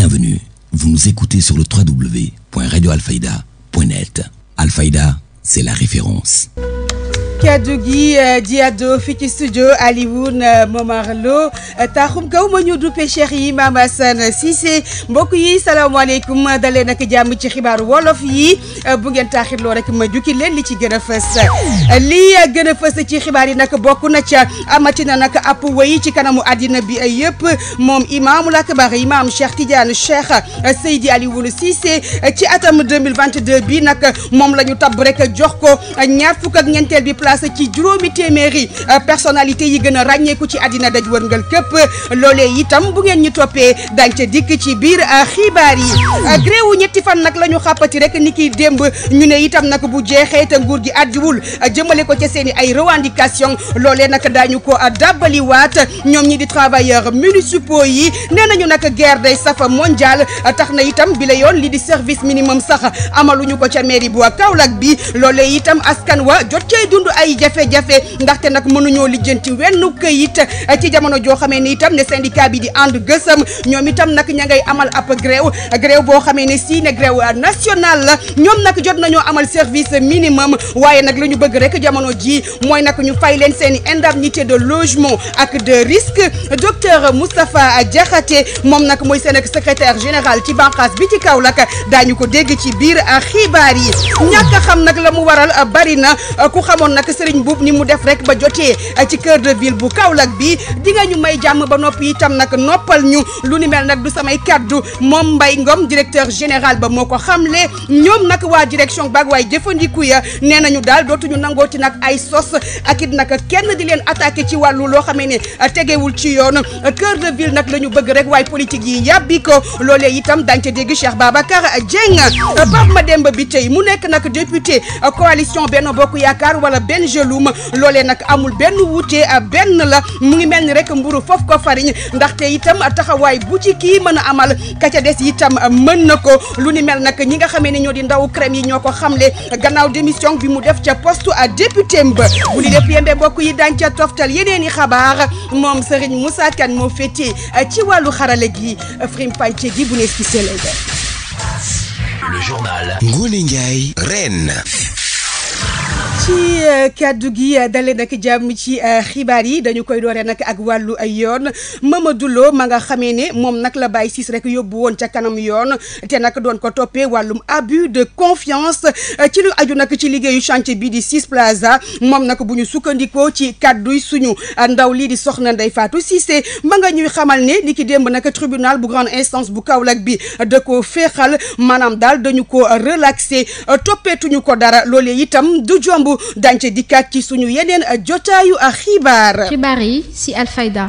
Bienvenue, vous nous écoutez sur le www.radioalfayda.net. Alfayda, c'est la référence. kaddu gi euh, Diado fii ci studio Alioune euh, Momar Lo euh, taaxum kaw ma ñu duppe Cheikh yi Maam Assane Cissé mbokk yi salaamaaleykum dale nag jàmm ci xibaaru wolof yi bu ngeen taaxirloo rek ma jukki leen li ci gën a fës li gën a fës ci xibaar yi nag bokk na ca amati na nag ab wéy ci kanamu àddina bi yëpp moom imaamul akbar imaam Cheikh Tidiane Cheikh Seydi Alioune Cissé ci atam 2022 bi nag moom la ñu tabb rek jox ko ñaar fukk ak ñeenteel bi. placé ci juróomi téeméeri euh, personnalité yi gën a ràññeeku ci àddina daj wërngal këpp loole itam bu ngeen ñu toppee dañ ca dikk ci biir euh, xibaar yi euh, gréewu ñetti fan nag la ñu xàppati rek ni ki démb ñu ne itam nag bu jeexee te nguur gi àddiwul jëmale ko ca seen i ay revendication loole nag daañu ko dàbbaliwaat ñoom ñi di travailleurs municipaux yi nee ñu nag guerre day safa mondial tax na itam bi yoon li di service minimum sax amaluñu ko ca mairie bu Kaolack bi loolee itam askan wa jot cay dund ay jafe-jafe ndaxte nag mënuñoo lijjanti wenn këyit ci jamono joo xamee ni itam ne syndicat bi di ànd gësëm ñoom itam nag ña ngay amal ab gréew gréew boo xamee ne si ne gréew national la ñoom nak jot nañoo amal service minimum waaye nag lañu bëgg rek jamono jii mooy nag ñu fay leen seen indemnité de logement ak de risque docteur Moustapha Diakhaté moom nag mooy seen secretaire général ci banqaas bi ci kaw Kaolack daañu ko dégg ci biir xibaar yi ñàkk xam nag la mu waral bari na xamoon nag ak Serigne Boub ni mu def rek ba jotee eh, ci cœur de ville bu Kaolack bi di nga ñu may jàmm ba noppi itam nag noppal ñu lu ni mel nag du samay kaddu moom mbay Ngom directeur général ba moo ko xamle ñoom nag waa direction baag waaye jëfandiku ya nee ñu daal dootuñu nangooti nag ay sos ak it nag kenn di leen attaqué ci wàllu loo xamee ne eh, tegewul ci yoon cœur de ville nag la ñu bëgg rek waaye politique yi yàbbi ko loolee itam dañ ca dégg Cheikh Babacar Dieng Pape Mademba bi tey mu nekk nag député eh, coalition Benno Bokk Yaakaar wala benn gelum loolee nag amul benn wuute ah, benn la mu ngi mel ni rek mburu foofu ko fariñ ndaxte itam taxawaay bu ci kii mën a amal ka ca des itam ah, mën na ko lu ni mel nag ñi nga xamee ne ñoo di ndaw crème yi ñoo ko xamle gannaaw démission bi mu def ca poste a ah, député mba bu li lépp yembe bokk yi daañ ca toftal yeneen i xabaar moom Serigne Moussa Kane moo féetee ci wàllu xarale gi Frim Payce gi bu nees ci Sénégal. Le journal Ngoné ci euh, kaddu gi euh, dalee nag jàmm ci euh, xibaar yi dañu koy dooree nag ak wàllu ay yoon Mamadou ma nga xamee ne moom nag la bàyyi siis rek yóbbu woon ca kanam yoon te nag doon ko toppee wàllum abus de confiance ci lu aju nag ci liggéeyu chantier bi di Six Plaza moom nag bu ñu sukkandikoo ci kaddu suñu ndaw lii di soxna Ndeye faatu Cissé ma nga ñuy xamal ne li ki démb nag tribunal bu grande instance bu Kaolack bi da ko féexal maanaam daal dañu ko relaxé toppeetuñu ko dara loolee itam du jomb dañ ca dikkaat ci suñu yeneen jotaayu ak xibaar. xibaar yi si Alfayda.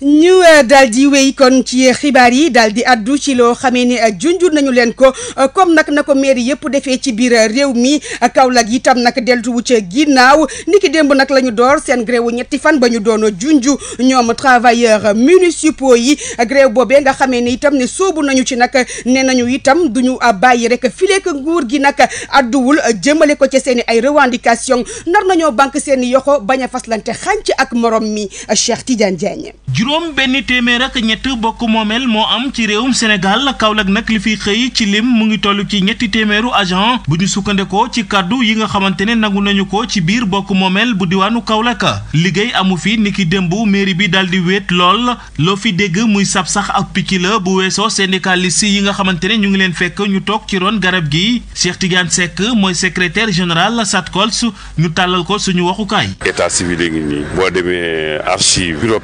ñu euh, daal di kon ci xibaar yi daal di addu ci loo xamee ni euh, junjur nañu leen ko euh, comme nag na ko mairie yëpp defee ci biir réew mi Kaolack itam nag deltuwu ca ginnaaw niki démb nag la ñu door seen gréewu ñetti fan ba ñu doon junju ñoom travailleurs municipaux yi gréew boobe nga xamee ni itam ne soobu nañu ci nag nee nañu itam duñu bàyyi rek fileek nguur gi nag adduwul jëmale ko ci seen ay revendication nar nañoo banque seen yoxo bañ a fas faslante xànc ak morom mi Cheikh Tidiane Diagne juróom benn téeméer ak ñett bokk moomeel moo am ci réewum Sénégal Kaolack nag li fi xëy ci lim mu ngi toll ci ñetti téeméeru agent bu ñu sukkandekoo ci kàddu yi nga xamante ne nagu nañu ko ci biir bokk moomeel bu diwaanu Kaolack liggéey amu fi niki démb mairie bi daal di wéet lool loo fi dégg muy sab sax ak picc la bu weesoo syndicaliste yi nga xamante ne ñu ngi leen fekk ñu toog ci ron garab gi Cheikh Tidiane Seck mooy secrétaire général SATCOLS ñu tàllal ko suñu waxukaay. état boo demee archive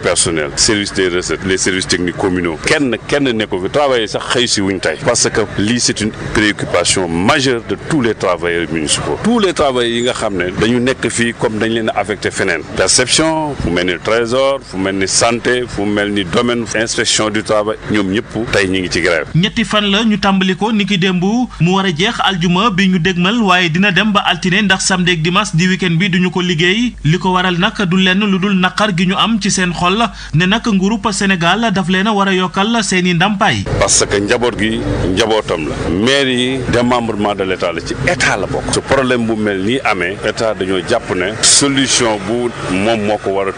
service des recettes les kenn kenn nekko fi travailleurs sax xëy si wuñ tey parce que lii c'est une préoccupation majeure de tous les travailleurs municipaux tous les travailleurs yi nga xam ne dañu nekk fii comme dañ leen a affecté feneen perception fu mel ni trésor fu mel ni santé fu mel ni domaine inspection du travail ñoom ñëpp tey ñu ngi ci grève ñetti fan la ñu tàmbali ko niki démb mu war a jeex aljuma bi ñu dégmal waaye dina dem ba altine ndax samedi ak dimanche di li ko waral nag du lenn gi ñu am ci seen xol nag a war a yokkal seen i ndàmpaay. parce que njaboot gi njabootam la maire yi démembrement de l' état la ci état la bokk. su problème bu mel nii amee état dañoo jàpp ne solution bu moom moo ko war a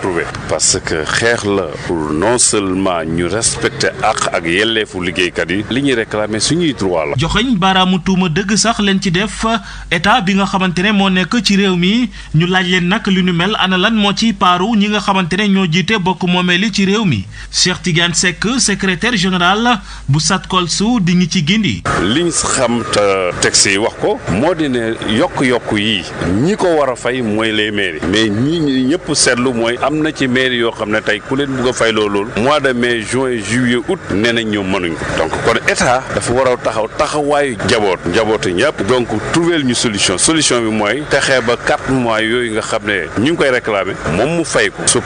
parce que xeex la pour non seulement ñu respecter àq ak yelleefu liggéeykat yi li ñuy réclamer suñuy droit la. joxeñ baaraamu tuuma dëgg sax leen ci def état bi nga xamante ne moo nekk ci réew mi ñu laaj leen nag lu ñu mel ana moo ci paaru ñi nga xamante ne ñoo jiite bokk moomee li ci réew mi Cheikh Tidiane Seck secrétaire général bu Satkolsu di ñi ci gindi. liñ xam te texte yi wax ko moo di ne yokk-yokk yi ñi ko war a fay mooy les mairies mais ñi ñëpp seetlu mooy am na ci mairie yoo xam ne tey ku leen bugg a fay loolu mois de mai juin juillet août nee nañ ñoom mënuñ ko donc kon état dafa war a taxaw taxawaayu njaboot njabootu ñëpp donc trouver ñu solution solution bi mooy texee ba quatre mois yooyu nga xam ne ñu koy réclamer moom mu fay ko su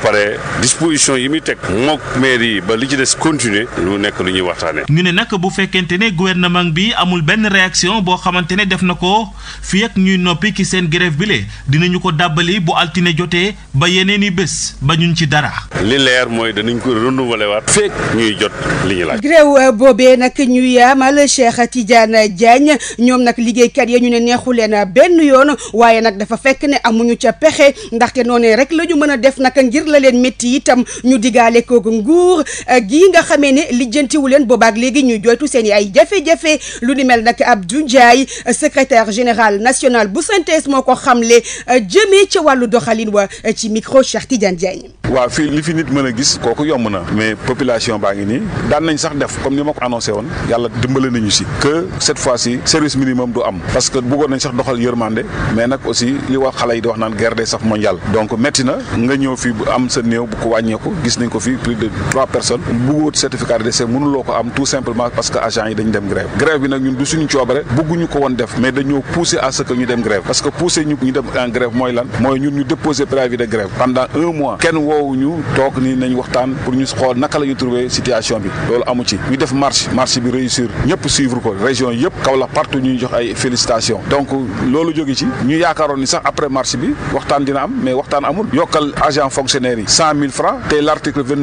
mook maire yi ba li ci des continuer lu nekk lu ñuy waxtaanee. ñu ne nag bu fekkente ne gouvernement bi amul benn réaction boo xamante ne def na ko fii ak ñuy noppi ci seen grève bi dinañu ko dàbbali bu altine jotee ba yeneen i bés ba ñun ci dara. li mooy danañ ko renouveler waat fekk ñuy jot li ñu laaj. grève boobee nag ñuy amal Cheikh Tidiane Diagne ñoom nag liggéeykat ya ñu ne neexu leen benn yoon waaye nag dafa fekk ne amuñu ca pexe ndaxte noonu rek la ñu mën a def nag ngir la leen métti itam ñu digaale ko kooku nguur eh, gii nga ne lijjantiwu leen boobaak léegi ñuy joytu seen i ay jafe-jafe lu ni mel nag Abdou Ndiaye eh, secrétaire général national bu synthèse moo ko xamle eh, jëmee ca wàllu doxalin wa ci micro Cheikh Tidiane Diagne. waaw fii li fi nit mën a gis kooku yomb na mais population baa ngi nii daan nañ sax def comme ni ma ko annoncé woon yàlla dimbale nañu si que cette fois ci service minimum du am parce que bëggoon nañ sax doxal yërmande mais nag aussi li wax xale yi di wax naan guerre sax na nga ñëw fi am sa néew bu ko wàññeeku gis nañ fii de trois personnes bëggoot certificat de décès mënuloo ko am tout simplement parce que agent yi dañ dem grève grève bi nag ñun du suñu coobare bëgguñu ko woon def mais dañoo pousser à ce ñu dem grève parce que pousser ñu dem en grève mooy lan mooy ñun ñu déposer préavis de grève pendant un mois kenn woowuñu toog ni nañ waxtaan pour ñu xool naka la trouver situation bi loolu amu ci ñu def marche marche bi réussir ñëpp suivre ko région yëpp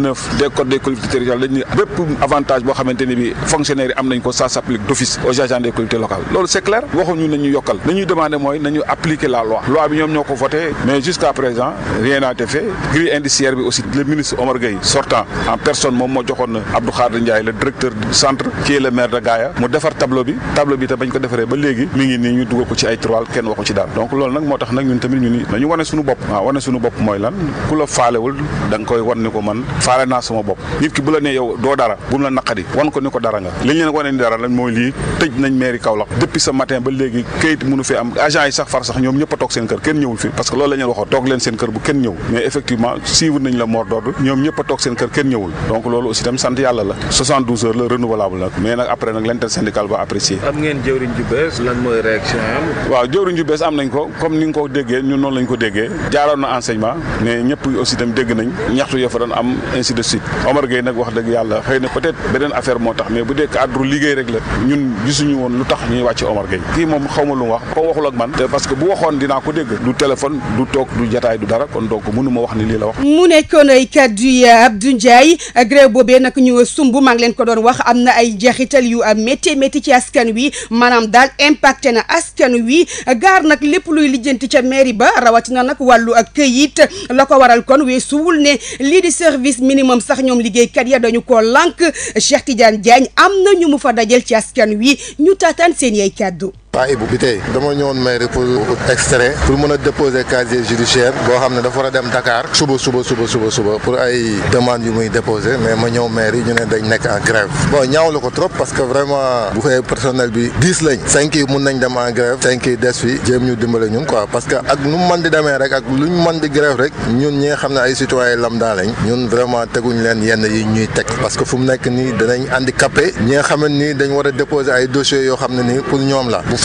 29 des codes des collectivités territoriales bépp avantage boo xamante ne bi fonctionnaires yi am nañ ko ça s'applique d'office aux agents des collectivités loolu c'est clair waxuñu nañu yokkal nañuy demandé mooy nañu appliquer la loi loi bi ñoom ñoo ko voté mais jusqu'à présent rien n'a été fait grille bi aussi le ministre Omar Gueye sortant en personne moom moo joxoon Abdou Khadir Ndiaye le directeur du centre qui est maire de Gaaya mu defar tableau bi faale naa sama bopp nit ki bu la nee yow doo dara bu mu la naqari wan ko ni ko dara nga li ñu wane ni dara lañ mooy lii tëj nañ mairie Kaolack depuis ce matin ba léegi kayit mënu fi am agent yi sax far sax ñoom ñëpp a toog seen kër kenn ñëwul fi parce que loolu la ñu waxoon toog leen seen kër bu kenn ñëwul donc loolu aussi tam sant yàlla la 72 heures la renouvelable nag mais nag après nag l'intersyndical ba apprécier am ngeen ni nga ko déggee ñun noonu ko déggee ainsi de suite Omar Gueye nag wax dëgg yàlla xëy na peut-être beneen affaire moo tax mais bu dee cadre liggéey rek la gisuñu woon lu tax ñuy wàcc Omar Gueye kii moom xaw lu wax ko waxul man te parce bu waxoon dinaa ko dégg du téléphone du toog du jataay du dara kon donc mënu wax ni lii la wax mu nekkoon ay kaddu yi Abdou Ndiaye grève boobee nag ñu sumb maa leen ko doon wax am na ay jeexital yu métti métti ci askan wi maanaam daal impacté na askan wi gaar nag lépp minimum sax ñoom liggéeykat ya dañu ko lànk Cheikh Tidiane Diagne am na ñu mu fa dajal ci askan wi ñu taataan seen yay kàddu Paa Ibou bi tey dama ñëwoon mairie pour extrait pour mën a déposer casier judiciaire boo xam ne dafa war a dem Dakar suba suba suba suba suba pour ay demandes yu muy déposer mais ma ñëw mairie ñu ne dañ nekk en grève bon ñaawlu ko trop parce que vraiment bu fee personnel bi dix lañ cinq yi mun nañ dem en grève cinq des fi jéem ñu dimbale ñun quoi parce que ak nu mën di demee rek ak luñ mën di grève rek ñun ñi nga xam ne ay citoyen lambda lañ ñun vraiment teguñ leen yenn yi ñuy teg parce que fu mu nekk nii danañ handicapé ñi dañ war ay dossiers yoo xam ne nii pour ñoom la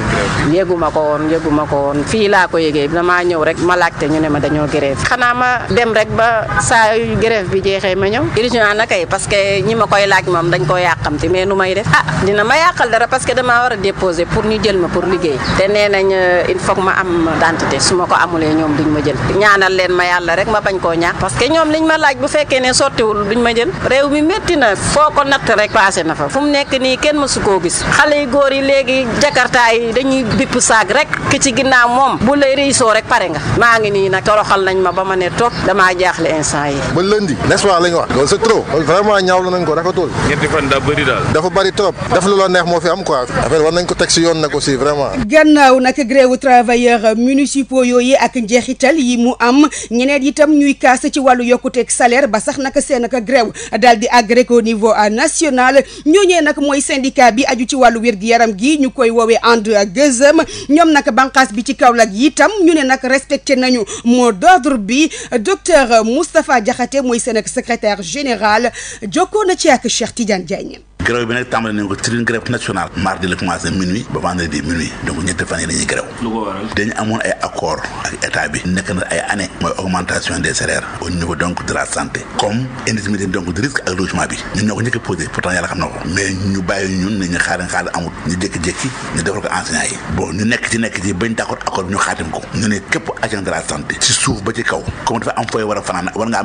woon grève bi. yëguma ko woon yëguma ko woon fii laa ko yëgee damaa ñëw rek ma laajte ñu ne ma dañoo grève xanaa ma dem rek ba saa yu grève bi jeexee ma ñëw urgent na parce que ñi ma koy laaj moom dañ koo yàqamti mais nu may def ah dina ma yàqal dara parce que damaa war a déposer pour ñu jël ma pour liggéey te nee nañ euh, il faut que ma am identité su ma ko amulee ñoom duñ ma jël ñaanal leen ma yàlla rek ma bañ koo ñaax parce que ñoom liñ ma laaj bu fekkee ne sottiwul duñ ma jël réew mi métti na foo ko natt rek passé na fa fu mu nekk nii kenn mësu koo gis xale yu góor yi léegi jakarta yi dañuy bipp saag rek ki ci ginnaaw moom bu lay réussoo rek pare nga maa ngi nii nag toroxal nañ ma ba ma ne topp damaa jaaxle instant yi ba lundi l'espoir la ñu wax loolu c'est trop loolu vraiment ñaawlu nañ ko rafetul ñetti fan daa bëri daal dafa bëri trop daf lu la neex moo fi am quoi affaire war nañ ko teg si yoon nag aussi vraiment gannaaw nag gréewu travailleurs municipaux yooyu ak njeexital yi mu am ñeneen itam ñuy kaas ci wàllu yokkuteeg salaire ba sax nag seen ak gréew daal di agréé au niveau national ñooñee nag mooy syndicat bi aju ci wàllu wér-gi-yaram gi ñu koy woowee and gëzëm ñoom nag bànqaas bi ci Kaolack itam ñu ne nag respecté nañu mot d'ordre bi docteur Moustapha Diakhaté mooy seen ak secrétaire général jokkoo na ci ak Cheikh Tidiane Diagne grève bi nag tàmbali nañ ko ci une grève nationale mardi la commencé minuit ba vendredi minuit donc ñetti fan yi dañuy grève dañu amoon ay accord ak état bi nekk na ay année mooy augmentation des salaires au donc de la santé comme indemnité donc de risque ak logement bi ñun ñoo ko njëkk posé pourtant yàlla xam na ko mais ñu bàyyi ñun ne ñu xaar xaar amul ñu jékki-jékki ñu defal ko enseignant yi bon ñu nekk ci nekk ci bañ d'accord accord a fanaan war nga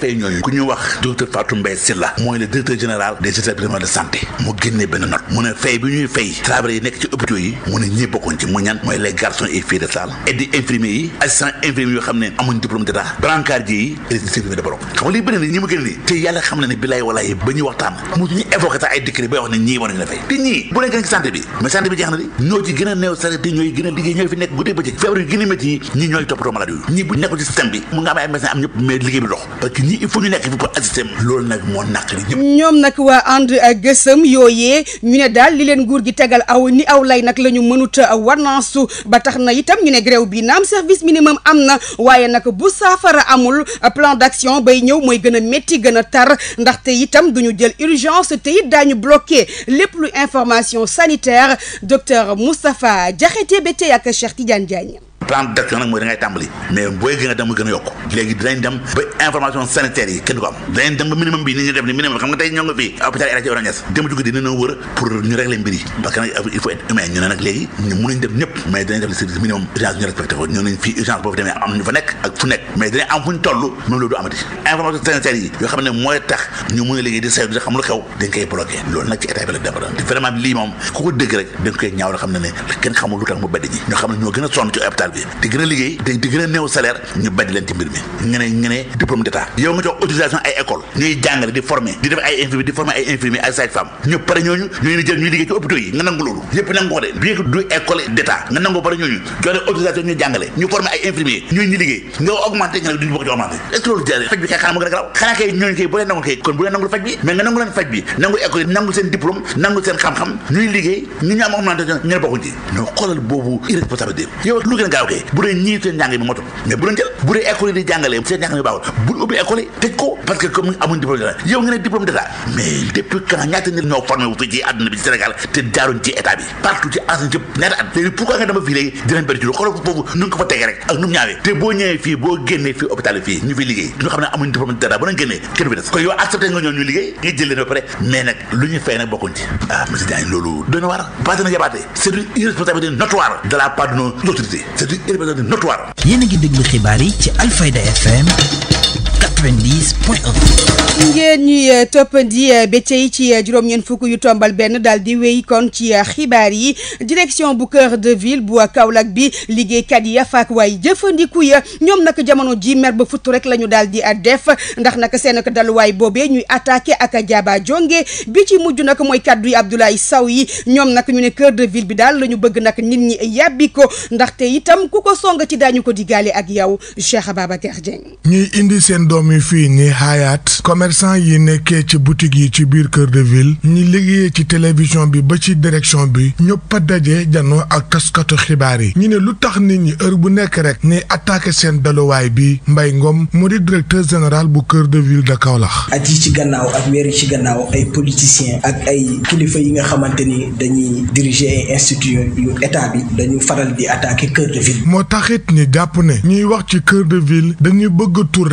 tey ñooñu ku ñu wax docteur Fatou Mbaye Sylla mooy le directeur général de santé mu génne benn note mu ne fay bi ñuy fay travailleurs yi nekk ci hôpitaux yi mu ne ñi mu gën li te te ñii bu nekk guddi bëccëg feebar yu gën a métti ñooy toppatoo malade yooyu ñi bu nekkul ci système bi mu nga am ay médecin am ñëpp mais liggéey bi dox il faut ñu nekk fi pour assister loolu nag moo naqari ñëpp ñoom nag waa ànd ak gësëm yooyee ñu ne daal li leen nguur gi tegal aw ni aw lay nag la ñu mënut warnaasu ba tax na itam ñu ne grève bi naam service minimum am na waaye nag bu saafara amul plan d'action bay ñëw mooy gën a métti gën a tar ndaxte itam duñu jël urgence te it daañu bloqué lépp lu information sanitaire docteur Moustapha Diakhaté Bété ak Cheikh Tidiane Diagne plan d'action nag mooy da ngay tàmbali mais booy gën a dem nga gën a yokk léegi dinañ dem ba information sanitaire yi kenn du ko am dinañ dem ba minimum bi ni ñu def ni minimum xam nga tey ñoo nga fii hôpital El Hadji Ibrahima Niass dem jugg dina na wër pour ñu régler mbir yi parce que nag il faut être humain ñu ne nag léegi ñu mënuñ def ñëpp mais dinañ def le service minimum urgence ñu respecté ko ñu neñ fii urgence boo fi demee am ñu fa nekk ak fu nekk mais dinañ am fu ñu toll même loolu du amati information sanitaire yi yoo xam ne mooy tax ñu mën a léegi di saytu di xam lu xew dañ koy bloqué loolu nag ci état bi la dépendant vraiment lii moom ku ko dégg rek dañ koy ñaaw la xam ne ne kenn xamul lu tax mu bedd ñi ñoo xam ne ñoo gën a sonn ci hôpital bi bi gën a liggéey te gën a néew salaire ñu bàyyi leen ci mi nga a garaaw faj bi mais seen diplôme nangu seen xam-xam ñuy liggéey ñu ñu am augmentation ñu bokkuñ ci non xoolal boobu irresponsabilité yow lu gën a daaw kay bu dee ñii seen njàng mi motul mais bu leen jël bu dee école yi di jàngalee seen njàng mi baaxul bul ubbi école yi tëj ko parce que comme amuñ diplôme d'état yow nga ne diplôme d'état mais depuis quand ñaata nit ñoo formé wu fi ci àdduna bi ci Sénégal te jaaruñ ci état bi partout ci enseignement yëpp ñaata at léegi pourquoi nga dama fii léegi dinañ bëri ci lu xoolal foofu nu nga ko fa tegee rek ak nu mu ñaawee te boo ñëwee fii boo génnee fii hôpital fii ñu fi liggéey ñu xam ne amuñ diplôme d'état bu leen génnee kenn bi des kon yow accepté nga ñoon ñu liggéey nga jël leen ba pare mais nag lu ñu fay nag bokkuñ ci ah monsieur Diagne loolu doy na waar passé na yabaate c'est une irresponsabilité notoire de la part de nos autorités d'une urbaine notoire. Yéen a ngi xibaar yi ci Alfayda 90 point 1. ngeen ñuy toppandi euh, bëccëg ci euh, juróom-ñeent fukk yu tombal benn daal di wéy kon ci euh, xibaar yi direction bu kër de ville bu Kaolack bi liggéeykat yi faak waaye jëfandiku ya ñoom nag jamono ji mer ba futt rek lañu ñu daal di def ndax nag seen daluwaay boobee ñuy attaqué ak jaaba jonge bi ci mujj nag mooy kàddu yi Abdoulaye saw yi ñoom nag ñu ne kër de ville bi daal lañu bëgg nag nit ñi yàbbi ko ndaxte itam ku ko song ci daañu ko digaale ak yow Cheikh doom yi fii ni xaayaat commerçant yi nekkee ci boutique yi ci biir kër de ville ñi liggéeyee ci télévision bi ba ci direction bi ñëpp a daje janoo ak taskatu xibaar yi ñu ne lu tax nit ñi heure bu nekk rek ne attaqué seen daluwaay bi mbay ngoom mu di directeur général bu kër de ville de Kaolack. at ci gannaaw ak weer ci gannaaw ay politiciens ak ay kilifa yi nga xamante ni dañuy diriger ay institutions yu état bi dañu faral di attaqué cœur de ville. moo taxit ni jàpp ne ñuy wax ci cœur ville dañuy bëgg tur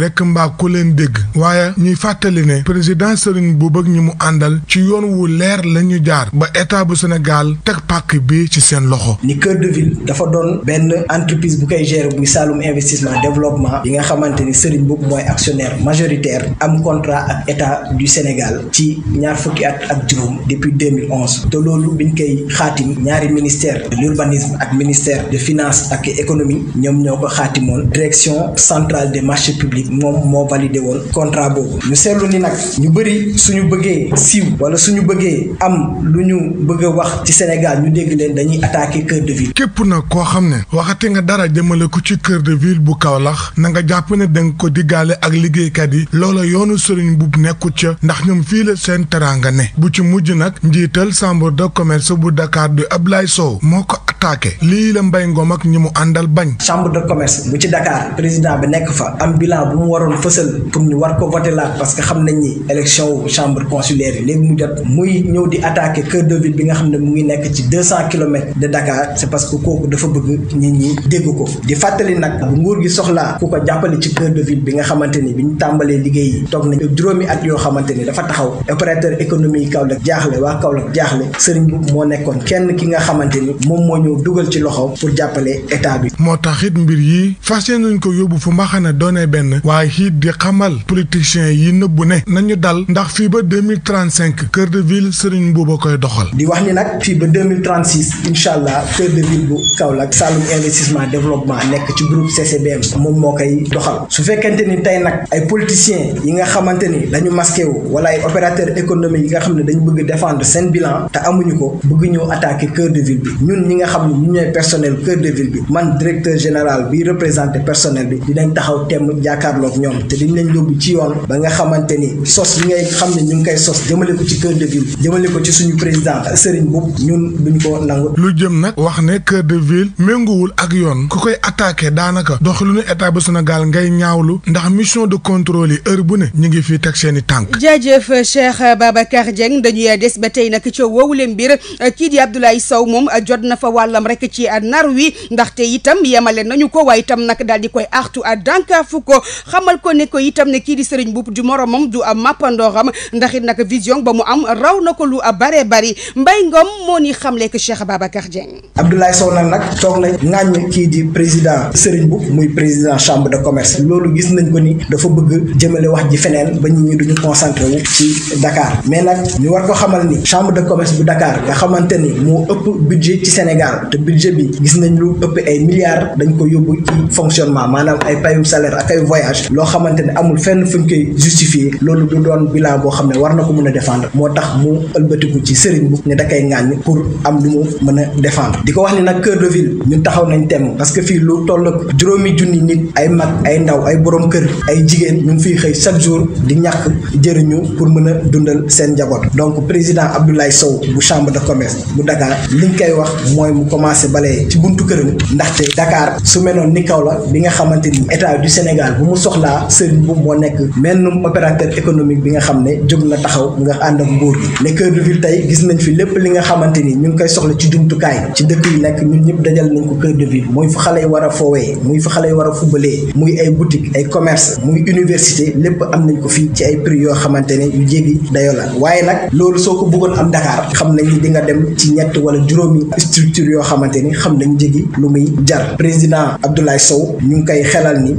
ak ku leen dégg waaye ñuy fàttali ne président Serigne bu bëgg ñi mu àndal ci yoon wu leer la ñu jaar ba état bu Sénégal teg pàkk bi ci seen loxo. ni Cœur de Ville dafa doon benn entreprise bu koy gérer buy Saloum investissement développement bi nga xamante ni Serigne boobu mooy actionnaire majoritaire am contrat ak état du Sénégal ci ñaar fukki at ak juróom depuis 2011 te loolu biñ koy xaatim ñaari ministère de l'urbanisme ak ministère de finance ak économie ñoom ñoo ko xaatimoon direction centrale des marchés publics moo validé ñu seetlu suñu bëggee siiw wala suñu bëggee am lu ñu bëgg wax ci Sénégal ñu dégg leen dañuy attaqué cœur de képp nag koo xam ne waxati nga dara jëmale ko ci kër de ville bu Kaolack na nga jàpp ne danga ko diggaale ak liggéeykat yi loola yoonu sëriñ bu nekkut ca ndax ñoom fii la seen teraanga ne bu ci mujj nag njiital chambre de commerce bu Dakar du lay soow moo ko attaqué lii la Mbaye Ngom ñi mu àndal bañ. chambre de commerce bu ci Dakar président bi nekk fa am bilan bu mu waroon fësal pour ñu war ko voté laat parce que xam nañ ni élection chambre consulaire léegi mu jot muy ñëw di attaqué cœur de ville bi nga xam ne mu ngi nekk ci deux cent kilomètres de Dakar c'est parce que kooku dafa bëgg nit ñi dégg ko di fàttali nag bu nguur gi soxlaa ku ko jàppale ci cœur de ville bi nga xamante ni bi ñu tàmbalee liggéey yi toog nañ juróomi at yoo xamante ni dafa taxaw opérateur économique Kaolack jaaxle waa jaaxle sëriñ bu moo nekkoon kenn ki nga xamante ni moom moo ñëw dugal ci loxo pour jàppale état bi moo tax it mbir yi fas nañ ko yóbbu fu mbaxana doonee benn waaye di xamal politiciens yi nëbbu ne nañu dal ndax fii ba deux mille trente cinq cœur de ville Serigne Mbouba koy doxal. di wax ni nag fii ba deux mille trente six incha allah cœur de ville bu Kaolack Saloum investissement développement nekk ci groupe CCBM moom moo koy doxal su fekkente ni tey nag ay politiciens yi nga xamante ni dañu masqué wu wala ay opérateurs économiques yi nga xam ne dañu bëgg defendre seen bilan te amuñu ko bëgg ñëw attaqué cœur de ville bi ñun ñi nga xam ne ñu ñooy personnel cœur de bi man directeur général bi représenté personnel bi dinañ taxaw temm jàkkaarloog ñoom. yoon te dañ leen yóbbu ci yoon ba nga xamante ni sos yi ngay xam ne ñu ngi koy sos jëmale ko ci kër de ville jëmale ko ci suñu président sëriñ boobu ñun duñ ko nangu. lu jëm nag wax ne kër de ville méngoowul ak yoon ku koy attaqué daanaka doxalinu état bu Sénégal ngay ñaawlu ndax mission de contrôle yi heure bu ne ñu ngi fii teg seen tànk tànk. jaajëf Cheikh Babacar Dieng dañuy des ba tey nag coow woowu leen mbir kii di Abdoulaye saw moom jot na fa wàllam rek ci nar wi ndaxte itam yemale nañu ko waaye itam nag daal koy artu à dànkaafu ko xamal ko ko ne ko itam ne kii di Serigne Mboup du moromam du mappandooram ndax it nag vision ba mu am raw na ko lu bare bari mbay Ngom moo ni xamle ko Cheikh Babacar Dieng. Abdoulaye Sow nag nag toog nañ na ŋàññ kii di président Serigne Mboup muy président chambre de commerce loolu gis nañ ko ni dafa bëgg jëmale wax ji feneen ba ñu ñi duñu concentré wu ci Dakar mais nag ñu war ko xamal ni chambre de commerce bu Dakar nga xamante ni moo ëpp budget ci Sénégal te budget bi gis nañ lu ëpp ay milliards dañ ko yóbbu ci fonctionnement maanaam ay payu salaire ak ay voyage loo xam xamante ne amul fenn fu ñu koy justifier loolu du doon bilan boo xam ne war na ko mën a défendre moo tax mu ëlbatiku ci sëriñ bu ne da koy ŋàññi pour am lu mu mën a défendre di ko wax ni nag cœur de ville ñun taxaw nañ temm parce que fii lu toll ak juróomi junni nit ay mag ay ndaw ay borom kër ay jigéen ñu ngi fiy xëy chaque jour di ñàkk jëriñu pour mën a dundal seen njaboot donc président Abdoulaye Sow bu chambre de commerce bu li liñ koy wax mooy mu commencé balee ci buntu këram ndaxte Dakar su mel ni kaw bi nga xamante ni état du Sénégal soxlaa sëriñ bu moo nekk mennum opérateur économique bi nga xam ne jóg na taxaw nga ànd ak nguur gi ne Cœur de Ville tey gis nañ fi lépp li nga xamante ni ñu ngi koy soxla ci jumtukaay ci dëkk yi nekk ñun ñëpp dajal nañ ko Cœur de Ville muy fa xale yi war a foowee muy fa xale yi war a fubalee muy ay boutique ay commerce muy université lépp am nañ ko fii ci ay prix yoo xamante ne yu jéggi dayo la waaye nag loolu soo ko bëggoon am Dakar xam nañ ni di nga dem ci ñett wala juróomi structure yoo xamante ni xam nañ jéggi lu muy jar président Abdoulaye Sow ñu ngi koy xelal ni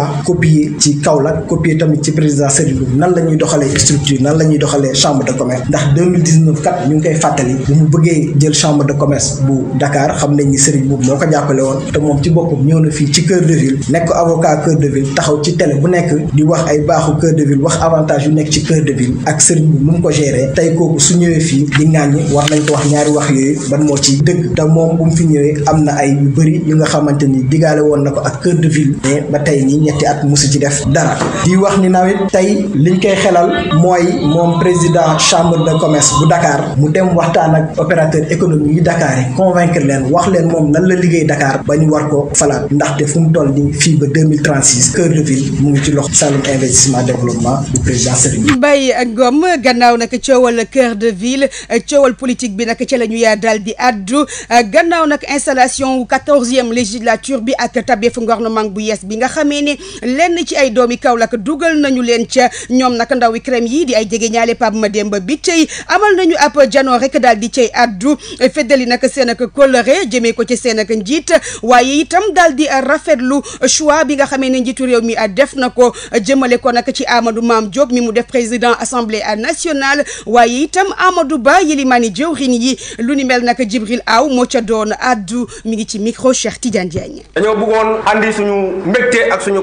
Touba copier ci Kaolack copier tamit ci président Serigne Loum nan la ñuy doxalee structure nan la ñuy doxalee chambre de commerce ndax 2019 kat ñu ngi koy fàttali bu mu bëggee jël chambre de commerce bu Dakar xam nañ ni Serigne Loum moo ko jàppale woon te moom ci boppam ñëw na fii ci cœur de ville nekk avocat cœur de ville taxaw ci tele bu nekk di wax ay baaxu cœur de ville wax avantage yu nekk ci cœur de ville ak Serigne Loum mu ko gérer tey kooku su ñëwee fii di ŋàññi war nañ ko wax ñaari wax yooyu ban moo ci dëgg te moom bu fi ñëwee am na ay bëri yu nga xamante ni digaale woon na ko ak cœur de ñetti at musu ci def dara di wax ni nawet tey liñ koy xelal mooy moom président chambre de commerce bu Dakar mu dem waxtaan ak opérateur économique yi Dakar yi convaincre wax leen moom nan la liggéey Dakar ba war ko falaat ndaxte fu mu toll nii fii ba 2036 de ville mu ngi ci loxo salon investissement développement bu président Serigne Mbaye ak Ngom gannaaw nag coowal cœur de ville coowal politique bi nag ci la ñu yaa daal di addu gannaaw nag installation quatorzième législature lenn ci ay doomi Kaolack dugal nañu leen ca ñoom nag ndawi crème yi di ay jege ñaale Pape Mademba bi cay amal nañu ab janoo rek daal di cay addu feddali nag seen ak coloré jëmee ko ci seen ak njiit waaye itam daal di rafetlu choix bi nga xamee ne njiitu réew mi def na ko jëmale ko nag ci Amadou Mame Diop mi mu def président assemblée nationale waaye itam Amadou Ba Yélimani jëwrin yi lu ni mel nag Jibril Aw moo ca doon addu mi ngi ci micro Cheikh Tidiane Diagne dañoo bëggoon andi suñu mbégte ak suñu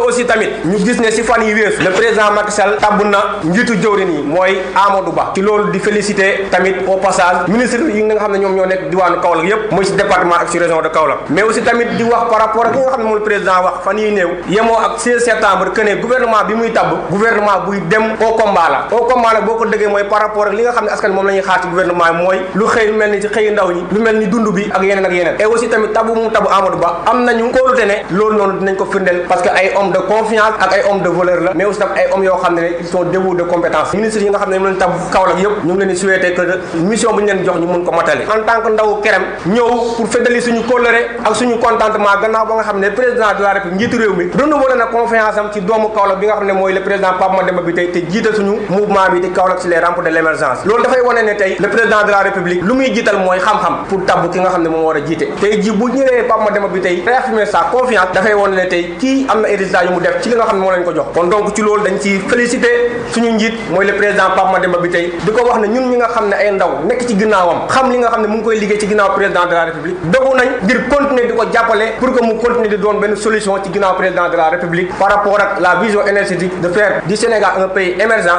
aussi tamit ñu gis ne si fan yi weesu le président Macky Sall na njiitu jëwrin yi mooy Amadou Ba ci loolu di féliciter tamit au passage ministre yi nga xam ne ñoom ñoo nekk diwaanu Kaolack yépp muy si département ak si région de Kaolack mais aussi tamit di wax par rapport ak li nga xam ne moom président wax fan yi néew yemoo ak 16 septembre que ne bi muy tabb gouvernement buy dem au la au la boo ko dëggee mooy par rapport ak homme de confiance ak ay homme de valeur la mais aussi ay hommes yoo xam ne ils sont dévoués de compétence ministre yi nga xam ne ñoom leen tam Kaolack yëpp ñu ngi leen di souhaité que mission bu ñu jox ñu mun ko matali en tant ndaw kerem ñëw pour feddali suñu kóllëre ak suñu contentement gannaaw ba nga xam ne président de la république njiitu réew mi renouvelé na confiance am ci doomu Kaolack bi nga xam ne mooy le président Pape Mademba bi te résultat yu mu def ci li nga xam ne moo lañ ko jox kon donc ci loolu dañ ci félicité suñu njiit mooy le président Pape Mademba bi tey di ko wax ne ñun ñi nga xam ne ay ndaw nekk ci ginnaawam xam li nga xam ne mu ngi koy liggéey ci ginnaaw président de la république dogu nañ ngir continuer di ko jàppale pour que mu continuer di doon benn solution ci ginnaaw président de la république par rapport ak la vision énergétique de faire du Sénégal un pays émergent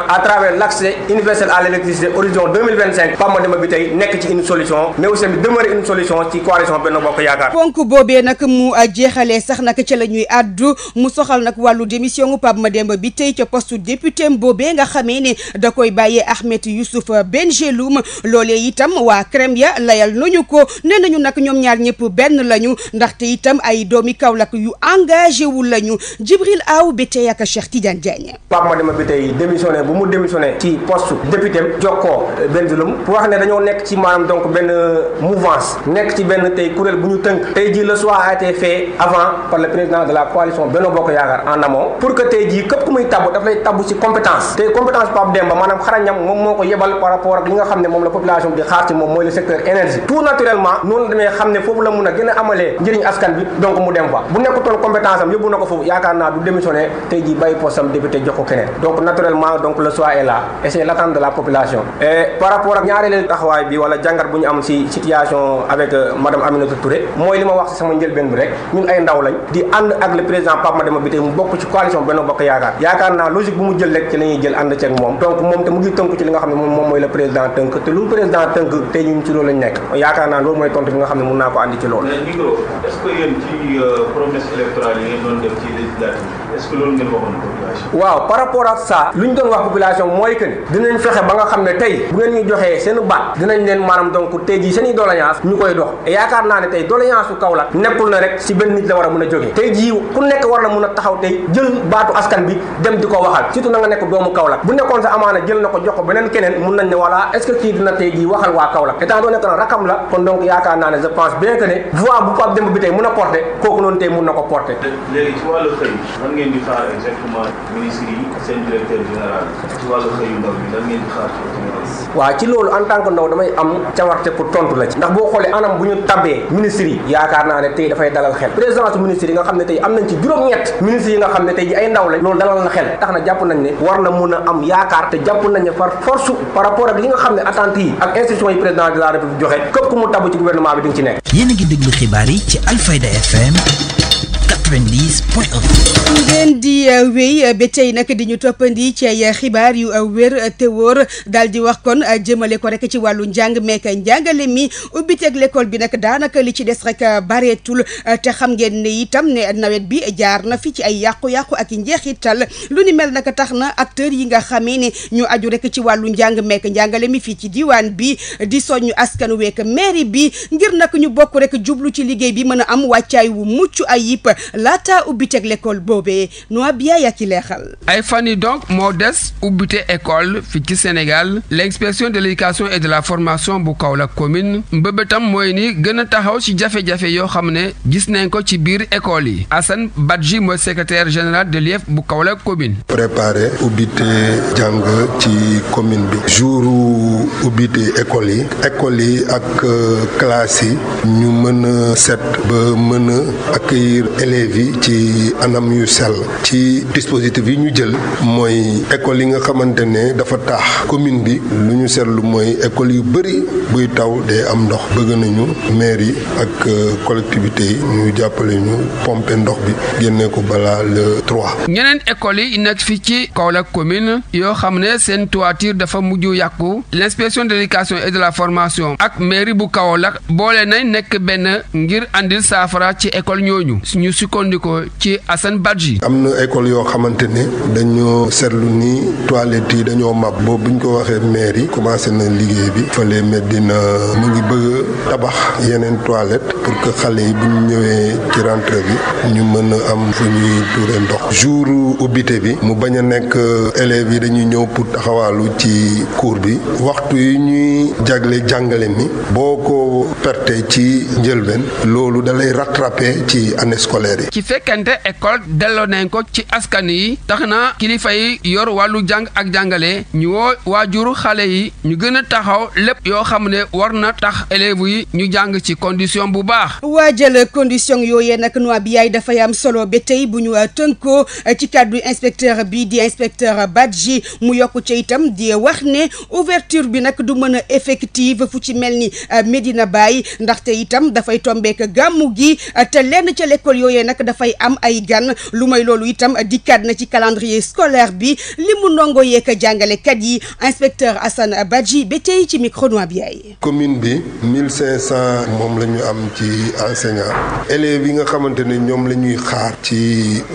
soxal nag wàllu démission Pape Mademba bi tey ca poste député boobee nga xamee ne da koy bàyyee Ahmed Youssouf Bengeloum loolee itam waa CREM ya layal nañu ko nee nañu nag ñoom ñaar ñëpp benn lañu ndaxte itam ay doomi Kaolack yu engagé wu lañu Djibril Aw bi tey ak Cheikh Tidiane Diagne. Pape Mademba bi tey démissionné bu mu démissionné ci poste député jokkoo Bengeloum pour wax ne dañoo nekk ci maanaam donc benn mouvance nekk ci benn tey kuréel bu ñu tënk tey jii le soir a été fait avant par le président de la coalition Benno ko yaakaar en pour que tey jii ku muy tabbu daf lay ci compétence tey compétence Pape Demba maanaam xarañam moom moo ko yebal par rapport ak li nga xam ne moom la population di xaar ci moom mooy le secteur énergie tout naturellement noonu demee xam ne foofu la mun a gën a amalee njëriñ askan bi donc mu dem fa bu nekkutoon compétence am yóbbu na ko foofu yaakaar naa du démissionné tey jii bàyyi poste am député jox ko keneen donc naturellement bi tey mu bokk ci coalition Benno Bokk Yaakaar yaakaar naa logique bu mu jël rek ci la jël ànd ceeg moom donc moom te mu ngi tënk ci li nga xam ne mun naa ko àndi ci loolu euh, waaw par rapport ak ça lu ñu doon wax population mooy que dinañ fexe ba nga xam ne tey bu ngeen ñu joxee seen baat dinañ leen maanaam donc tey jii seen i doléance ñu koy dox yaakaar naa ne tey doléance kaw la nekkul na rek si benn nit la war a mën a jógee tey jii ku nekk taxaw tey jël baatu askan bi dem di ko waxal surtout na nga nekk doomu Kaolack bu nekkoon sa amaana jël na ko jox beneen keneen mun nañ ne voilà est-ce que kii dina tey jii waxal waa Kaolack étant donné que nag rakam la kon donc yaakaar naa ne je pense bien que ne voix bu Pape Demba bi tey mun a na ko porté léegi ci wàllu xëy ci loolu en tant que ndaw damay am cawarte pour tontu la ci ndax boo xoolee anam bu ñu tabee ministre yi yaakaar naa ne tey dafay dalal xel présidence ministre yi nga xam ne tey am nañ ci juróom-ñett ministre yi nga xam ne tey ji ay ndaw lañ loolu dalal na xel tax na jàpp nañ ne war na mun a am yaakaar te jàpp nañ ne par force par rapport ak li nga xam ne attentes yi ak institutions yi président de la république joxe képp ku mu tabb ci gouvernement bi di ci nekk yéen ngi déglu xibaar yi ci Alfayda FM 90 ngeen di euh, wéy euh, ba nag di ñu toppandi ci euh, xibaar yu wér te wóor daal wax kon jëmale ko rek ci wàllu njàng meek njàngale mi ubbiteeg lekkool bi nag daanaka li ci des rek bareetul te xam ngeen ne itam ne nawet bi jaar na fi ci ay yàqu-yàqu ak njeexital lu ni mel nag tax na acteurs yi nga xamee ne ñu aju rekk ci wàllu njàng meek njàngale mi fii ci diwaan bi di soññu askanu week mairie bi ngir nag ñu bokk rek jublu ci liggéey bi mën a am wàccaay wu mucc ayib laata ubbiteg l'école boobee noo biyaa yaa ci leexal ay fan yi donc moo des ubbite école fi ci Sénégal l'inspection de l'éducation et de la formation bu Kaolack commune mbëbëtam mooy ni gën a taxaw ci jafe-jafe yoo xam ne gis nañ ko ci biir école yi Assane Badji mooy secrétaire général de l'IEF bu Kaolack commune préparé ubbite jàng ci commune bi jouru ubbite école yi école yi ak euh, classe yi ñu mën a set ba mën a accueillir élèves gi ci anam yu sell ci dispositif yi ñu jël mooy école yi nga xamante ne dafa taax commune bi lu ñu seetlu mooy école yu bëri buy taw day am ndox bëgg nañu maire yi ak euh, collectivité yi ñu jàppale ñu pomper ndox bi génne ko bala le troit ñeneen école yi nekk fii ci Kaolack commune yoo xam ne seen toiture dafa mujj yàqu l'inspection de l'éducation et de la formation ak mairie bu Kaolack boole nañ nekk benn ngir indil saafara ci école ñooñu ñu sukkandikoo ci Assane Badji. am na école yoo xamante ne dañoo seetlu ni toilettes yi dañoo màbb boobu bu ñu ko waxee maire yi commencé na liggéey bi fële Medina mu ngi bëgg tabax yeneen toilettes pour que xale yi bu ñu ñëwee ci rentrée bi ñu mën a am fu ñuy tuuree ndox jour ubbite bi mu bañ a nekk élèves yi dañuy ñëw pour taxawaalu ci cours bi waxtu yi ñuy jagle jàngale ni boo ko perte ci njëlbeen loolu dalay rattraper ci année scolaire ci fekkente école delloo nañ ko ci askan yi tax na kilifa yi yor wàllu jàng ak jàngale ñu woo waajur xale yi ñu gën a taxaw lépp yoo xam ne war na tax élèves yi ñu jàng ci condition bu baax. waa waajal condition yooyee nag noa bi yaay dafay am solo ba tey bu ñu waa euh, tënkoo euh, ci kàddu inspecteur bi di baat ji mu yokk ca itam di wax ne ouverture bi nag du mën a effective fu ci mel ni euh, Medina baay ndaxte itam dafay tombeek gàmmu gi te lenn ca l'école yooyee nag nag dafay am ay gan lu may loolu itam dikkaat na ci calendrier scolaire bi li mu ndongo yeeg jàngalekat yi inspecteur Assane Badji ba tey ci micro noa bi ay commune bi 1500 moom la ñu am ci enseignant élèves yi nga xamante ne ñoom la ñuy xaar ci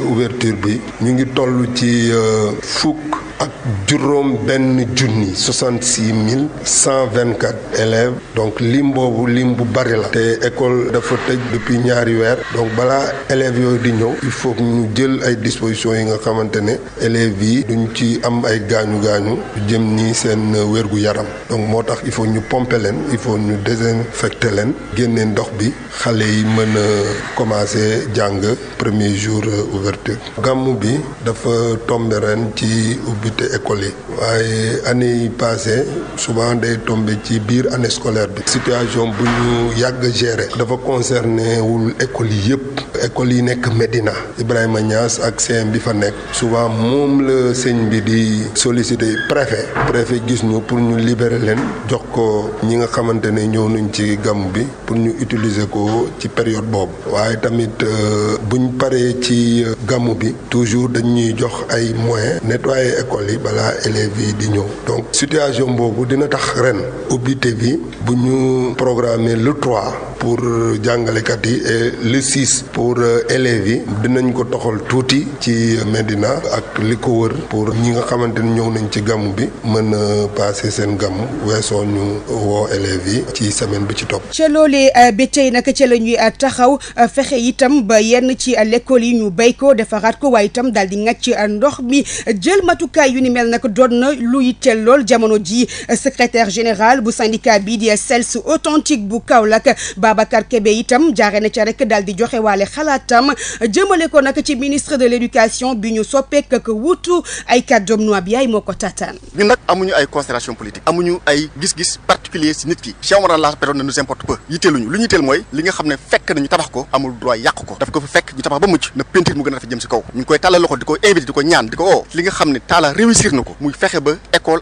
ouverture bi ñu ngi toll ci euh, fukk ak juróom benn junni 66 mille 124 élèves donc limboobu boobu lim bu bari la te école dafa tëj depuis ñaari weer donc balaa élèves yooyu di ñëw il faut ñu jël ay dispositions yi nga xamante ne élèves yi duñ ci am ay gaañu gaañu jëm ni seen wérgu yaram donc moo tax il faut ñu pompe leen il faut ñu désinfecter leen génne ndox bi xale yi mën a commencer jàng premier jour ouverture gàmmu bi dafa tomber ren ci ubbi tëj école yi. waaye année yi passé souvent day tombé ci biir année scolaire bi. situation bu ñu yàgg a dafa concerné wul école yi yëpp. école yi nekk Medina Ibrahima Niass ak CM bi fa nekk souvent moom la sëñ bi di solliciter préfet préfet gis ñu pour ñu libérer leen jox ko ñi nga xamante ne ñëw nañ ci gàmm bi pour ñu utiliser ko ci période boobu waaye tamit euh, buñ paree ci euh, gàmm bi toujours dañ jox ay moyen nettoyer école yi bala élèves yi di ñëw donc situation boobu dina tax ren ubbite bi bu ñu programmer le 3 pour euh, jàngalekat yi et le 6 pour euh, élèves yi dinañ ko toxal tuuti ci Medina ak li ko wër pour ñi nga xamante ni ñëw nañ ci gàmmu bi mën a passé seen gàmmu weesoo ñu woo élèves yi ci semaine bi ci topp. ca loolee euh, ba tey nag ca la ñuy euh, taxaw fexe itam ba yenn ci lekkool yi ñu béy ko defaraat ko waaye itam daal di ŋàcc ndox mi jël matukaay yu ni mel nag doon na lu yitteel lool jamono ji secretaire général bu syndicat bii di SELS authentique bu Kaolack Babacar Kébé itam jaare na ca rek daal di joxe waale xalaatam jëmale ko nag ci ministre de l'éducation bi ñu soppeek ak wutu ay kàddoom noa bi yaay moo ko taataan ñun nag amuñu ay considération politique amuñu ay gis-gis particulier si nit ki Cheikh Oumar la personne ne nous importe peu yitteeluñu lu ñu yitteel mooy li nga xam ne fekk nañu tabax ko amul droit yàq ko daf ko fa fekk ñu tabax ba mucc na peinture mu gën a rafet jëm si kaw ñu ngi koy tàllal loxo di ko invité di ko ñaan di ko oo li nga xam na ko muy fexe ba école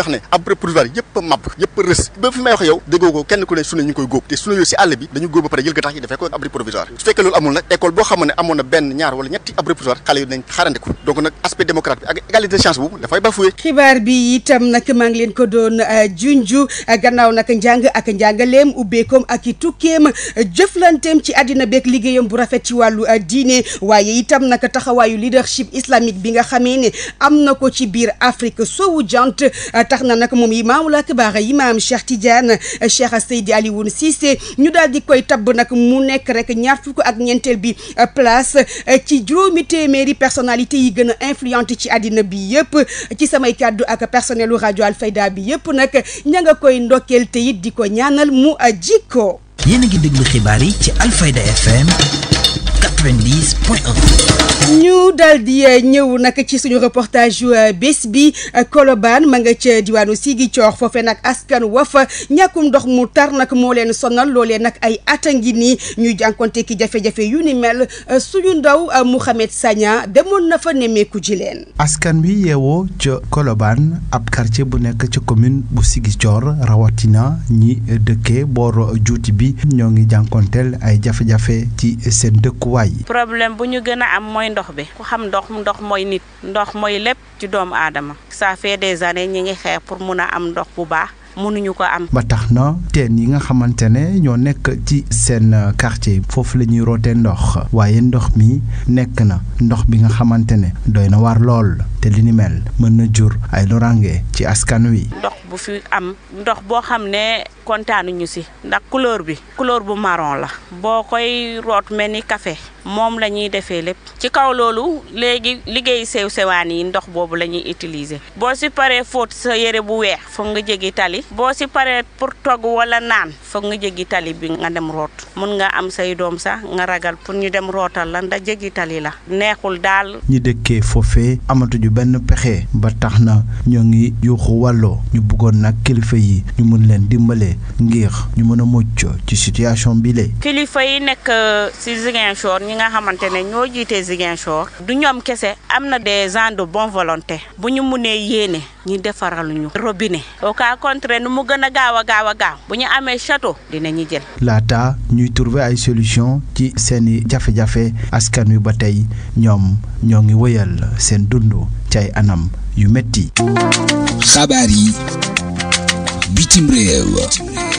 wax ne abri provisoire yëpp a màbb a na ko doon euh, junju euh, gannaaw nag njàng ak njàngaleem ubbeekoom ak tukkeem jëflanteem ci àddina beeg liggéeyam bu rafet ci wàllu euh, diine waaye itam nag taxawaayu leadership islamique bi nga xamee ne am na ko ci biir Afrique sowu jant tax na nag moom imaamul akbar imaam Cheikh Tidiane Cheikh Seydi Alioune Cissé ñu daal di koy tabb nag mu nekk rek ñaar fukk ak ñeenteel bi place ci juróomi téeméeri personnalité yi gën a influente ci àddina bi yëpp ci samay kàddu ak personnelu rajo Alfayda bi yëpp nag ña nga koy ndokkeel te it di ko ñaanal mu jikko. yéen ngi déglu xibaar yi ci Alfayda FM. ñu daal di eh, ñëw nag ci suñu reportage yu eh, bés bi eh, Colobane ma nga ca diwaanu Ziguinchor foofee nag askan waf ñàkkum ndox mu tar nag moo leen sonal loolee nag ay at a ngi nii ñuy jànkonte ki jafe-jafe yu ni mel suñu ndaw Mouhamed Sagna demoon na fa nemmeeku ji leen. askan wi yeewoo ca Colobane ab quartier bu nekk ci commune bu Ziguinchor rawatina ñi dëkke boor juuti bi ñoo ngi jànkonteel ay jafe-jafe ci seen dëkkuwaay. yi. problème bu ñu gën a am mooy ndox bi ku xam ndox ndox mooy nit ndox mooy lépp ci doomu aadama ça fait des années ñi ngi xeex pour mun a am ndox bu baax. mënuñu ko am. ba tax na teen yi nga xamante ne ñoo nekk ci seen euh, quartier foofu la ñuy rootee ndox waaye ndox mi nekk na ndox bi nga xamante ne doy na war lool te li ni mel mën na jur ay loraange ci askan wi. bu fi am ndox boo xam ne kontaanuñu si ndax couleur bi couleur bu marron la boo koy root mel ni kafe moom la ñuy defee lépp ci kaw loolu léegi liggéey sew sewaan yi ndox boobu la ñuy utiliser boo si paree fóot sa yére bu weex foog nga jegi tali boo si paree pour togg walla naan foog nga jéggi tali bi nga dem root mun nga am say doom sax nga ragal pour ñu dem rootal la ndax jéggi tali la neexul daal ñu dëkkee foofee amatuñu benn pexe ba tax na ñoo ngi juuxu wàlloo ñu buggoon nag kilifa yi ñu mun leen dimbalee ngir ñu mën a mucc ci situation bi le kilifa yi nekk si euh, Ziguinchor ñi nga xamante ne ñoo jiitee Ziguinchor du ñoom kese am na des gens de bonne volonté bu ñu munee yéene ñi defaraluñu robinet au cas contraire nu mu gën a gaaw plateau dinañu jël. laata ñuy trouver ay solution ci seeni jafe-jafe askan wi ba tey ñoom ñoo ngi wëyal seen dund cay anam yu metti xabaar yi bitim réew.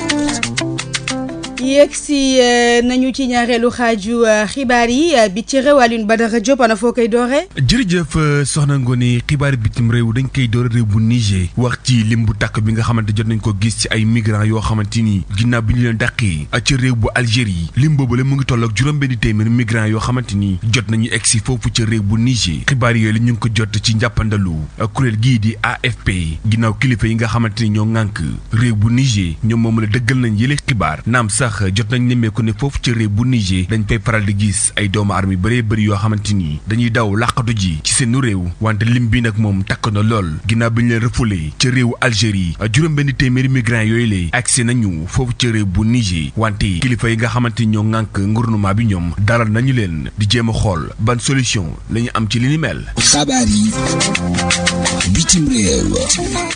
yéeg si eh, nañu ci ñaareelu xaaju eh, xibaar yi eh, bi ci réew Alioune Badara Diop ana foo koy dooree. jërëjëf soxna Ngoné xibaar bitim réew dañ koy doore réew bu Niger wax ci lim bu tàkk bi nga xamante jot nañ ko gis ci ay migrants yoo xamante ni ginnaaw bi ñu leen dàqee ci réew bu Algérie lim boobu la mu ngi toll ak juróom-benn téeméer migrants yoo xamante ni jot nañu egg si foofu ci réew bu Niger xibaar yooyu la ñu ngi ko jot ci njàppandalu kuréel gii di AFP ginnaaw kilifa yi nga xamante ni ñoo ŋànk réew bu Niger ñoom moom la dëggal nañ yële xibaar ndax jot nañ nemmeeku ne foofu ci réew bu Niger dañ fay faral di gis ay doomu armée bëree bëri yoo xamante ni dañuy daw làqatu ji ci seenu réew wante lim bi nag moom takk na lool ginnaaw bi ñu leen refoulé ci réew Algérie juróom-benn téeméeri migrants yooyu lay agsi nañu foofu ci réew bu Niger wante kilifa yi nga xamante ni ñoo ŋànk gouvernement bi ñoom dalal nañu leen di jéem a xool ban solution la am ci li ni mel. xabaar yi bitim réew.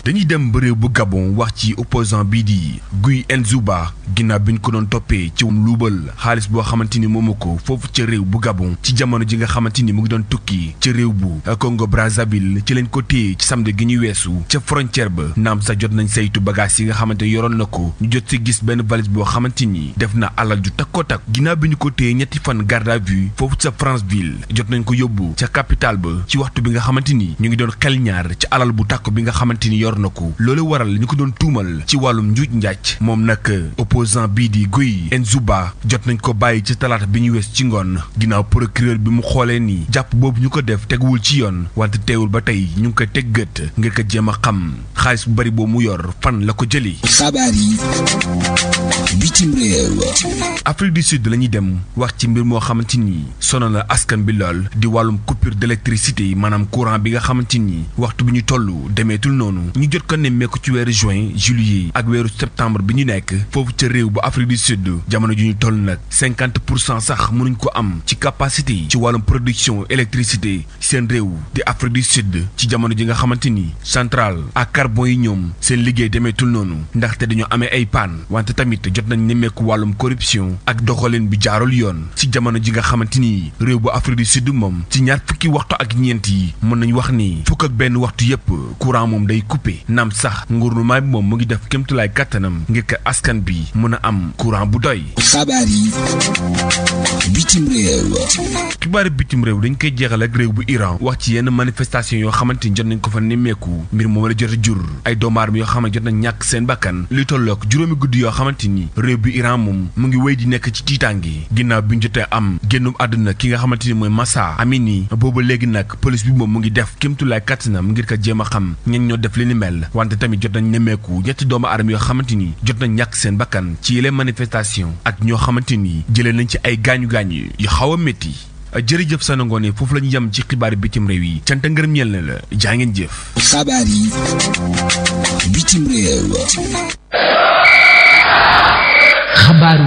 dañuy dem ba réew bu Gabon wax ci opposant bii di Guy Nzouba ginnaaw bi toppee ci luubal xaalis boo xamante ni moomu ko foofu ca réew bu Gabon ci jamono ji nga xamante ni mu ngi doon tukki ca réew bu Congo Brazzaville ci lañ ko téye ci samedi gi ñu weesu ca frontière ba naam sa jot nañ saytu bagage yi nga xamante ni yoroon na ko ñu jot si gis benn valise boo xamante ni def na alal ju takkoo takk ginnaaw bi ñu ko téye ñetti fan garde à vue foofu ca Franceville jot nañ ko yóbbu ca capitale ba ci waxtu bi nga xamante ni ñu ngi doon xel ñaar ci alal bu takk bi nga xamante ni yor na ko loolu waral ñu ko doon tuumal ci wàllum njuuj njaaj moom nag Guy Nzuba jot nañ ko bàyyi ci talaata bi ñu wees ci ngoon ginnaaw procureur bi mu xoolee nii jàpp boobu ñu ko def teguwul ci yoon wante teewul ba tey ñu ngi koy teg gët ngir ko jéem a xam xaalis bu bari boobu mu yor fan la ko jëli xabaar yi bitim réew Afrique du Sud la ñuy dem wax ci mbir moo xamante ni sonal na askan bi lool di wàllum coupure d'électricité maanaam courant bi nga xamante ni waxtu bu ñu tollu demeetul noonu ñu jot ko nemmeeku ci weeru juin juillet ak weeru septembre bi ñu nekk du sud jamono ju ñu toll nag cinquante pour cent sax mënuñ ko am ci capacité yi ci wàllum production électricité seen réew di Afrique du sud ci jamono ji nga xamante ni centrale ak carbon yi ñoom seen liggéey demeetul noonu ndaxte dañoo amee ay panne wante tamit jot nañ nemmeeku wàllum corruption ak doxalin bi jaarul yoon ci jamono ji nga xamante ni réew bu Afrique du sud moom ci ñaar fukki waxtu ak ñeent yi mën nañ wax ni fukk ak benn waxtu yépp courant moom day coupé naam sax gouvernement bi moom mu ngi def kémtulaay kàttanam ngir kat a courant bu doy. xabaar yi bitim réew. xibaari bitim réew dañ koy jeexal ak réew bu Iran wax ci yenn manifestation yoo xamante ni jot nañ ko fa nemmeeku mbir moom la jot a jur ay doomu aadama yoo xam ne jot ñàkk seen bakkan li tolloog juróomi guddi yoo xamante ni réew bu Iran moom mu ngi wéy di nekk ci tiitaange ginnaaw bi ñu jotee am génnum àdduna ki nga xamante ni mooy Massa Amini boobu léegi nag police bi moom mu ngi def kéemtulaay kàttanam ngir ko jéem a xam ñen ñoo def li ni mel wante tamit jot nañ nemmeeku ñetti doomu aadama yoo xamante ni jot manifestation ak ñoo xamante nii jëlee nañ ci ay gaañu gaañu yu xaw a métti jërëjëf Sana Ngoné foofu la ñu yem ci xibaar bitim réew yi cant ngërëm ñeel na la jaa ngeen jëf. xabaar yi bitim réew. xabaaru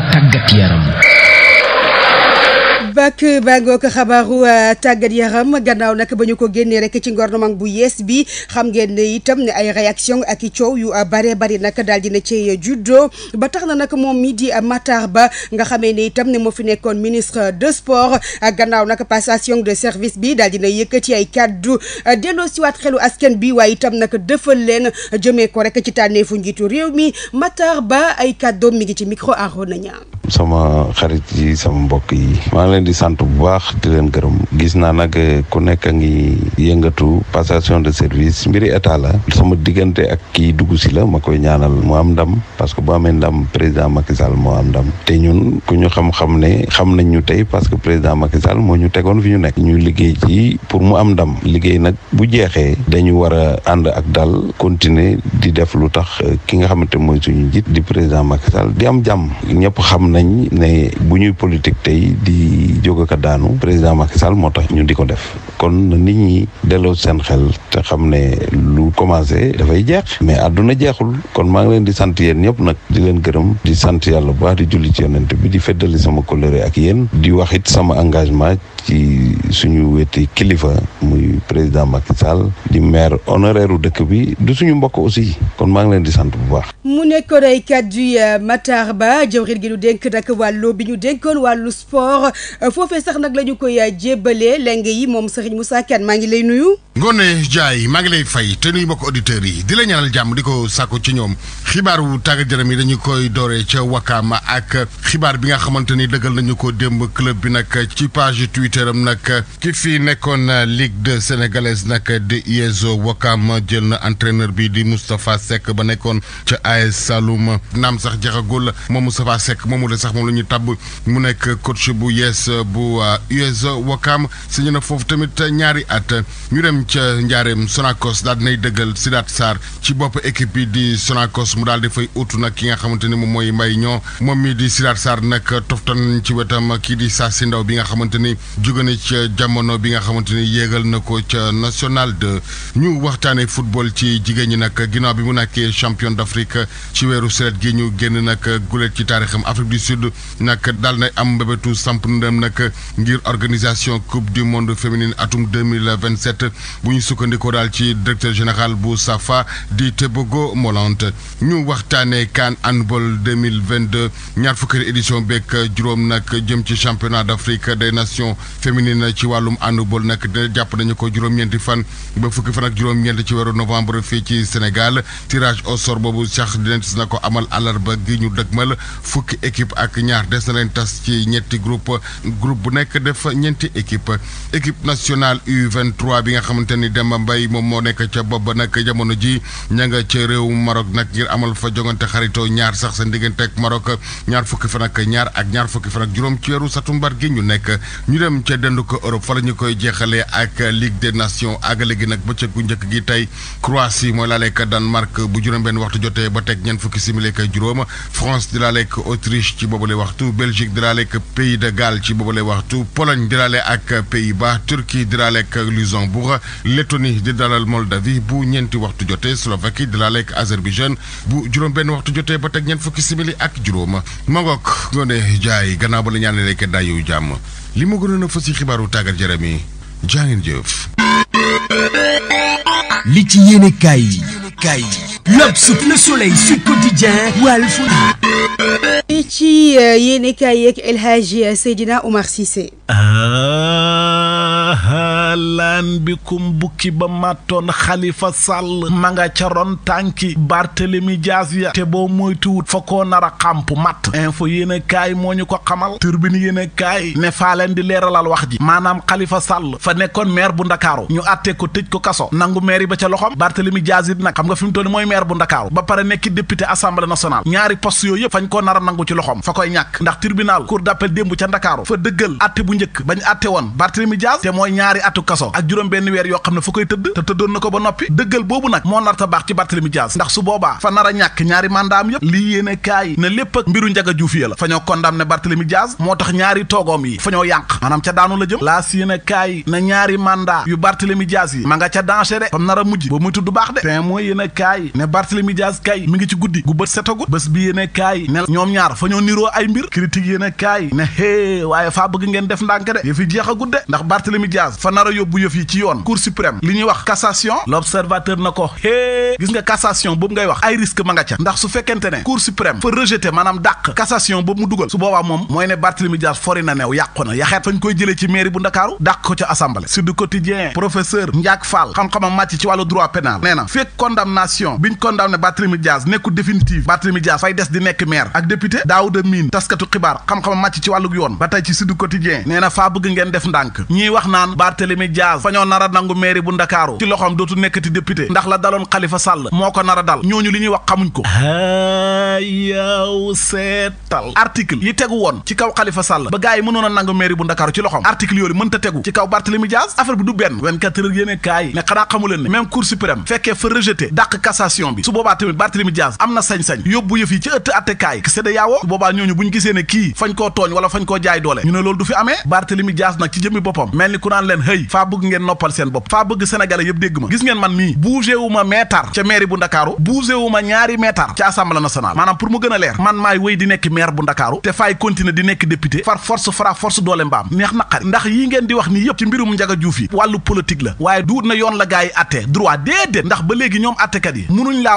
ak bàngoog xabaaru euh, tàggat yaram gannaaw nag ba ñu ko génnee rek ci gouvernement bu yees bi xam ngeen ne itam ne ay réaction ak i coow yu euh, bare bari nag daal dina ci juddoo ba tax na nag moom mi di euh, Matar Ba nga xamee ne itam ne moo fi nekkoon ministre de sport gannaaw nag passation de service bi daal dina yëkkati ay kàddu delloo siwaat xelu askan bi waaye itam nag defal leen jëmee ko rek ci tànneefu njiitu réew mi Matar Ba ay kàddoom mi ngi ci micro Arona Niang sama xarit ci sama mbokk yi maa leen di sant bu baax di leen gërëm gis naa nag eh, ku nekk ngi yëngatu passation de service mbiri état la sama diggante ak kii dugg si la ma koy ñaanal mu am ndam parce que boo amee ndam président Macky Sall moo am ndam te ñun ku ñu xam-xam ne xam nañ ñu tey parce que président Macky Sall moo ñu tegoon fi ñu nekk ñu liggéey ci pour mu am ndam liggéey nag bu jeexee dañu war a ànd ak dal continuer di def lu tax eh, ki nga xamante mooy suñu jit di président Macky di am jàmm ñëpp xam na nañ ne bu ñuy politique tey di jóg ak daanu président Macky Sall moo tax ñu di ko def kon nit ñi delloo seen xel te xam ne lu commencé dafay jeex mais adduna jeexul kon maa ngi leen di sant yéen ñëpp nag di leen gërëm di sant yàlla bu baax di julli ci yonent bi di feddali sama colère ak yéen di wax it sama engagement ci suñu weti kilifa muy président Macky di maire honoraire dëkk bi du suñu mbokk aussi kon maa ngi leen di sant bu baax. mu nekkoon euh, ay nag wàllu bi ñu dénkoon wàllu sport euh, foofee sax nag lañu ñu koy euh, jébbalee leng yi moom Serigne Moussa Kane maa ngi lay nuyu. Ngone Ndiaye maa ngi lay fay te nuyu bokk auditeurs yi di la ñaanal jàmm di ko sàkku ci ñoom xibaar xibaaru tàggat yaram yi dañu koy dooree ca Wakaam ak xibaar bi nga xamante ni dëggal nañu ko démb club bi nag ci page Twitter am nag ki fi nekkoon na euh, lig de sénégalaise nag di IESO Wakaam jël na entraîneur bi di Moustapha sekk ba nekkoon ca AS Saloum naam sax jaxagul moom Moustapha sax moom la ñu tàbb mu nekk coach bu yees uh, bu US uh, Wakam signé na foofu tamit uh, ñaari at ñu dem ca njaareem Sonacos daal dinay dëggal Sidaat Sarr ci bopp équipe bi di Sonacos mu daal di fay utu nag ki nga xamante ni moom mooy Mbaye ñoo moom mi di Sidaat Sarr nag toftan ci wetam kii di Sassi Ndaw bi nga xamante ni jóge ca jamono bi nga xamante ni yéegal na ko ca national de ñu waxtaanee football ci jigéen ñi nag ginnaaw bi mu nekkee champion d'Afrique ci weeru sulet gi ñu génn nag gulet ci taarixam sud nag daal na am mbébétu samp ndëm nag ngir organisation coupe du monde féminine atum deux mille vingt sept bu ñu sukkandikoo daal ci directeur général bu SAFA di Tebogo Molante ñu waxtaanee CAN handball deux mille vingt deux ñaar fukki édition beeg juróom nag jëm ci championnat d'Afrique des nations féminines ci wàllum handball nag jàpp nañu ko juróom-ñeenti fan ba fukki fan ak juróom-ñeent ci weeru novembre fii ci Sénégal tirage au sort boobu sax dinañ na ko amal àllarba gi ñu dëgmal fukki équipe. ak ñaar des na leen tas ci ñetti groupe groupe bu nekk def ñeenti équipe équipe nationale U23 bi nga xamante ni Demba mbay moom moo nekk ca bopp ba nag jamono ji ña nga ca réew Maroc nag ngir amal fa jongante xaritoo ñaar sax seen diggante ak Maroc ñaar fukki fan ak ñaar ak ñaar fukki fan ak juróom ci weeru satumbar gi ñu nekk ñu dem ca dend ko Europe fa la ñu koy jeexalee ak Ligue des Nations àggale gi nag bëccëg gu njëkk gi tey Croatie mooy laaleek Danemark bu juróom-benn waxtu jotee ba teg ñeent fukki simili ak juróom France di laaleek Autriche ci boobule waxtu Belgique diraale ak pays de Galles ci boobule waxtu Pologne diraale ak Pays-Bas Turquie diraale ak Luxembourg Lettonie di dalal Moldavie bu ñeenti waxtu jotee Slovaquie diraale ak Azerbaïdjan bu juróom-benn waxtu jotee ba teg ñeent fukki simili ak juróom mangook ngoone jaay gannaaw ba la ñaanee rek dayu jàmm li ma gënoon a fës ci xibaaru tàggat yaram yi jaa ngeen jëf. li ci yéene L'Obs, Le Soleil, Sud Quotidien, Walf. ci euh, yéen i kaay yeeg El Hadji euh, Seydina Omar Cissé. Ah, ah. ahlan bikum bukki ba màttoon xalifa sàll ma nga ca ron tànki Barthélemy Dias ya te boo moytuwut fa koo nar xàmp mat info yéen a kaay moo ñu ko xamal turbine yéen a kaay ne faa di leeralal wax ji maanaam xalifa sàll fa nekkoon maire bu ndakaaru ñu àtte ko tëj ko kaso nangu maire yi ba ca loxom Barthélemy Dias it nag xam nga fi mu toll mooy maire bu ndakaaru ba pare nekki député assemblée nationale ñaari poste yooyu yëpp fañ koo nar a nangu ci loxom fa koy atu kaso ak juróom benn weer yoo xam ne fa koy tëdd te tëddoon na ko ba noppi dëggal boobu nag moo narta baax ci Barthélemy Dias ndax su fa nar a ñàkk ñaari mandaam yépp lii yéene kaay ne lépp mbiru njaga juuf la fa ñoo condamné Barthélemy Dias moo tax ñaari toogoom yi fa ñoo yànq maanaam ca daanu la jëm laas yéene kaay na ñaari mandat yu Barthélemy Dias yi ma nga ca danger de fam nar a mujj ba muy tudd baax de fin mooy yéene kaay ne Barthélemy Dias kay mi ngi ci guddi gu bët setagut bés a a yóbbu yëf yi ci yoon cour suprême li ñuy wax cassation l'observateur na ko hee gis nga cassation boobu ngay wax ay risque ma nga ca ndax su fekkente ne cour suprême fa rejeté maanaam dàq cassation boobu mu dugal su boobaa moom mooy ne Barthélemy Dias fori neew yàqu na yaxeet fañ koy jëlee ci mairie bu Ndakaaru dàq ko ca assemblée sur du quotidien professeur Ndiak Fall xam-xamam màcc ci wàllu droit pénal nee na fekk condamnation biñ condamné Barthélemy Dias nekkul Barthélemy Diaz fa ñoo nar a nangu mairie bu Ndakaaru ci loxoom dootu nekkati député ndax la daloon Khalifa Sall moo ko nar a dal ñooñu li ñuy wax xamuñ ko yaw seetal article yi tegu woon ci kaw Khalifa Sall ba gars yi a nangu mairie bu Ndakaaru ci loxoom article yooyu mënta tegu ci kaw Barthélemy Diaz affaire bi du benn 24 heures yéene kaay ne xanaa xamu leen ne même fekkee fa rejeté dàq cassation bi su boobaa tamit Barthélemy Diaz am na sañ-sañ yóbbu yëf yi ci ëtt attekaay ki sédda yaawoo su boobaa ñooñu bu ñu gisee ne faa bëgg ngeen noppal seen bopp faa bëgg sénégalais yëpp dégg ma gis ngeen man mii bougé ma meetar ca mairie bu ndakaaru bougé ma ñaari meetar ca assemblée nationale maanaam pour mu gën a leer man maay wéy di nekk maire bu ndakaaru te faay continuer di nekk député far force fara force doole mbaam neex naqari ndax yi ngeen di wax nii yëpp ci mbirum njaga juuf yi wàllu politique la waaye duut na yoon la gaa yi atte droit déedéet ndax ba léegi ñoom attekat yi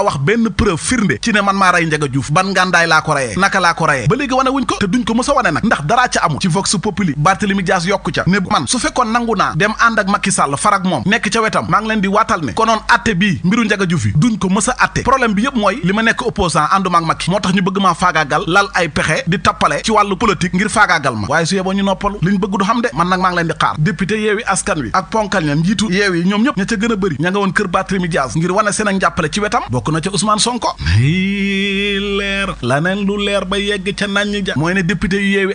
wax benn preuve firnde ne man maa rey njaga juuf laa ko reyee naka laa ko reyee ba léegi wane wuñ ko te duñ ko a wane nag ndax daraa ca amul ci vox ànd ak Macky Sall farak moom nekk ca wetam maa leen di waatal ne konoon atte bii mbiru Njaga Juuf duñ ko mës a atte problème bi yëpp mooy li nekk opposant ànduma ak Macky moo tax ñu bëgg maa faagaagal lal ay pexe di tappale ci wàllu politique ngir faagaagal ma waaye su yeboo ñu noppalu liñ bëgg du xam de man nag maa leen di xaar député yeewi askan wi ak ponkal ñam njiitu yeew ñoom ñëpp ña ca gën a bëri ña nga woon kër Barthélémy Dias ngir wane seen ba yegg ca nañ ja mooy ne député yu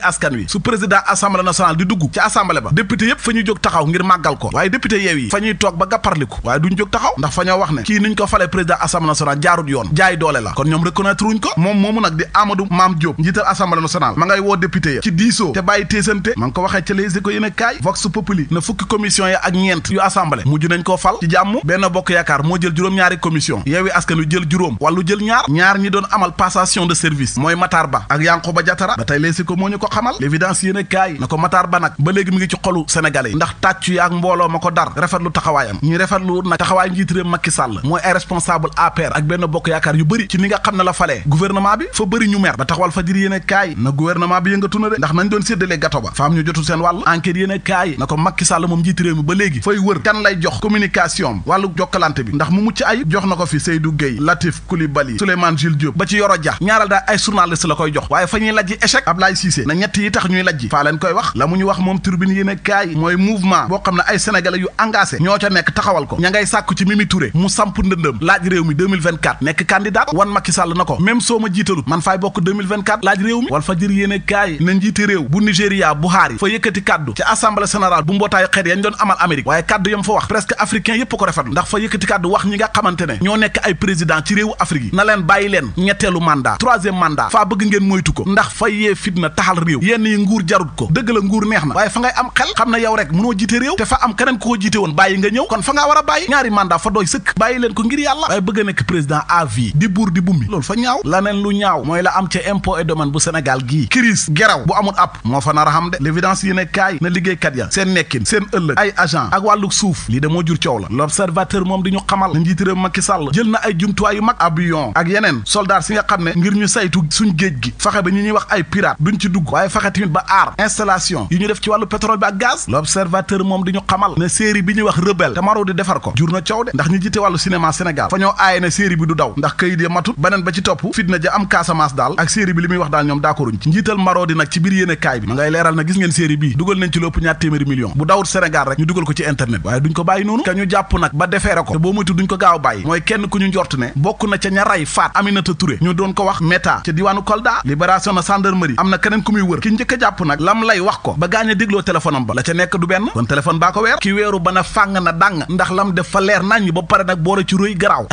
màggal waaye député yeew yi fa ñuy toog ba gàpparliku waaye duñ jóg taxaw ndax fa ñoo wax ne kii niñ ko fale président assemblée nationale jaarut yoon jaay doole la kon ñoom reconnaître wuñ ko moom moomu nag di Amadou Mame Diop njiital assemblée nationale ma ngay woo député ya ci diisoo te bàyyi téesante ma ko waxee ca Les Échos yéen a kaay vox na fukki commission ya ak ñeent yu assemblée mujj nañ koo fal ci jàmm benn bokk yaakaar moo jël juróom-ñaari commission ak mbooloo ma ko dar rafetlu taxawaayam ñuy rafetlu nag taxawaay njiit réew Macky Sall mooy ay responsable APR ak benn bokk yaakaar yu bëri ci ni xam ne la falee gouvernement bi fa bëri ñu mer ba taxawal fa jir na gouvernement bi yëngatu na de ndax nañ doon séddalee gato ba fa ñu jotul seen wàll enquête yéene na ko Macky Sall moom njiit réew ba léegi fay wër kan lay jox communication wàllu jokkalante bi ndax mu mucc ay jox na ko fi xam ne ay sénégalais yu engagé ñoo ca nekk taxawal ko ña ngay sàkku ci Mimi Touré mu samp ndëndëm laaj réew mi 2024 nekk candidat wan Macky Sall na ko même soo ma jiitalut man faay bokk 2024 laaj réew mi wal fa jër yéene kaay na njiiti réew bu Nigéria Buhari fa yëkkati kaddu ci assemblée générale bu mbootaayu xeet yañ doon amal Amérique waaye kaddu yam fa wax presque africain yépp ko rafetlu ndax fa yëkkati kaddu wax ñi nga xamante ne ñoo nekk ay président ci réewu Afrique yi na leen bàyyi leen ñetteelu mandat troisième mandat faa bëgg ngeen moytu ko ndax fa yee fitna taxal réew yenn yi nguur jarut ko dëgg la nguur neex na waaye fa ngay am xel xam na yow rek mënoo jiite réew te fa am keneen ku ko jiite woon bàyyi nga ñëw kon fa nga war a bàyyi ñaari mandat fa doy sëkk bàyyi leen ko ngir yàlla waaye bëgg a nekk président à vie di buur di bummi loolu fa ñaaw laneen lu ñaaw mooy la am ca impôt et domaine bu Sénégal gii crise geraw bu amul app moo fa nar a xam de l'évidence yéen kaay na liggéeykat ya seen nekkin seen ëllëg ay agent ak wàllu suuf lii de moo jur coow la l'observateur moom di ñu xamal na njiit réew Macky Sall jël na ay jumtuwaay yu mag avion ak yeneen soldat si nga xam ne ngir ñu saytu suñ géej gi faxe ba ñu ñuy wax ay pirate duñ ci dugg waaye faxe tamit ba aar installation yu ñu def ci wàllu pétrole bi ak moom di ñu xamal ne série bi ñuy wax rebelle te Marodi defar ko jur na coow de ndax ñu jiite wàllu cinéma Sénégal fa aaye ne série bi du daw ndax kayit ya matut beneen ba ci topp fitna ja am Casamance daal ak série bi li muy wax daal ñoom d'accorduñ ci njiital Marodi nag ci biir yéene kaay bi ma ngay leeral na gis ngeen série bi dugal nañ ci lépp ñaar téeméeri million bu dawut Sénégal rek ñu dugal ko ci internet waaye duñ ko bàyyi noonu ka ñu yoon ko weer ki weeru ba na fàng na dàng ndax lam def fa leer nañ ba pare nag boole ci rëy garaaw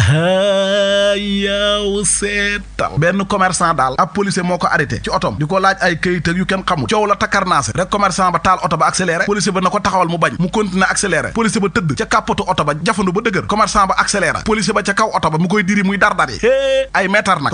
yaw seetal benn commerçant daal ab policier moo ko arrêté ci otom di ko laaj ay këyit ak yu kenn xamul coow la takarnaase rek commerçant ba taal oto ba accéléré policier ba na ko taxawal mu bañ mu continué accéléré policier ba tëdd ca kàppatu oto ba jafandu ba dëgër commerçant ba accéléré policier ba ca kaw oto ba mu koy diri muy dardar yi ay meetar nag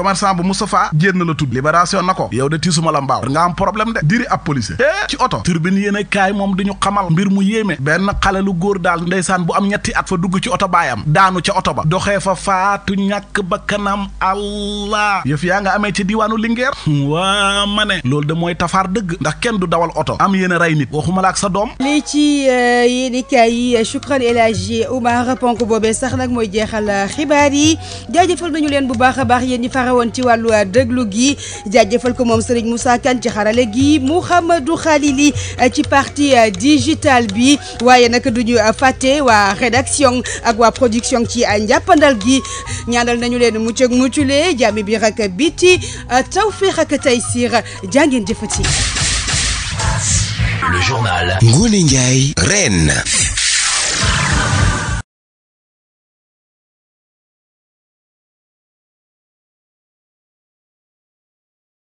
moom di ñu xamal mu yéeme benn xale lu góor daal ndeysaan bu am ñetti at fa dugg ci oto baayam daanu ca oto ba doxee fa faatu ñàkk ba kanam allah yëf yaa nga amee ci diiwaanu Linguère hmm, waa ma ne loolu de mooy tafaar dëgg ndax kenn du dawal oto am yéen rey nit waxuma la ak sa doom lii ci euh, yéenikaay yi euh, Shukran El Hadji Oumar ponk boobee sax nag mooy jeexal euh, xibaar yi jaajëfal nañu leen bu baax a baax yéen ñi farawoon ci wàllu déglu gi jaajëfal ko moom Serigne Moussa Kane ci xarale gi Mouhamadou Khalili ci partie digitale bi waaye nag du ñu fàtte waa rédaction ak waa production ci njàppandal gi ñaanal nañu leen mucc ak muccule jàmmi biir ak biti tawféex ak taysiir jàngeen jëfati. Le journal Ngoné Ndiaye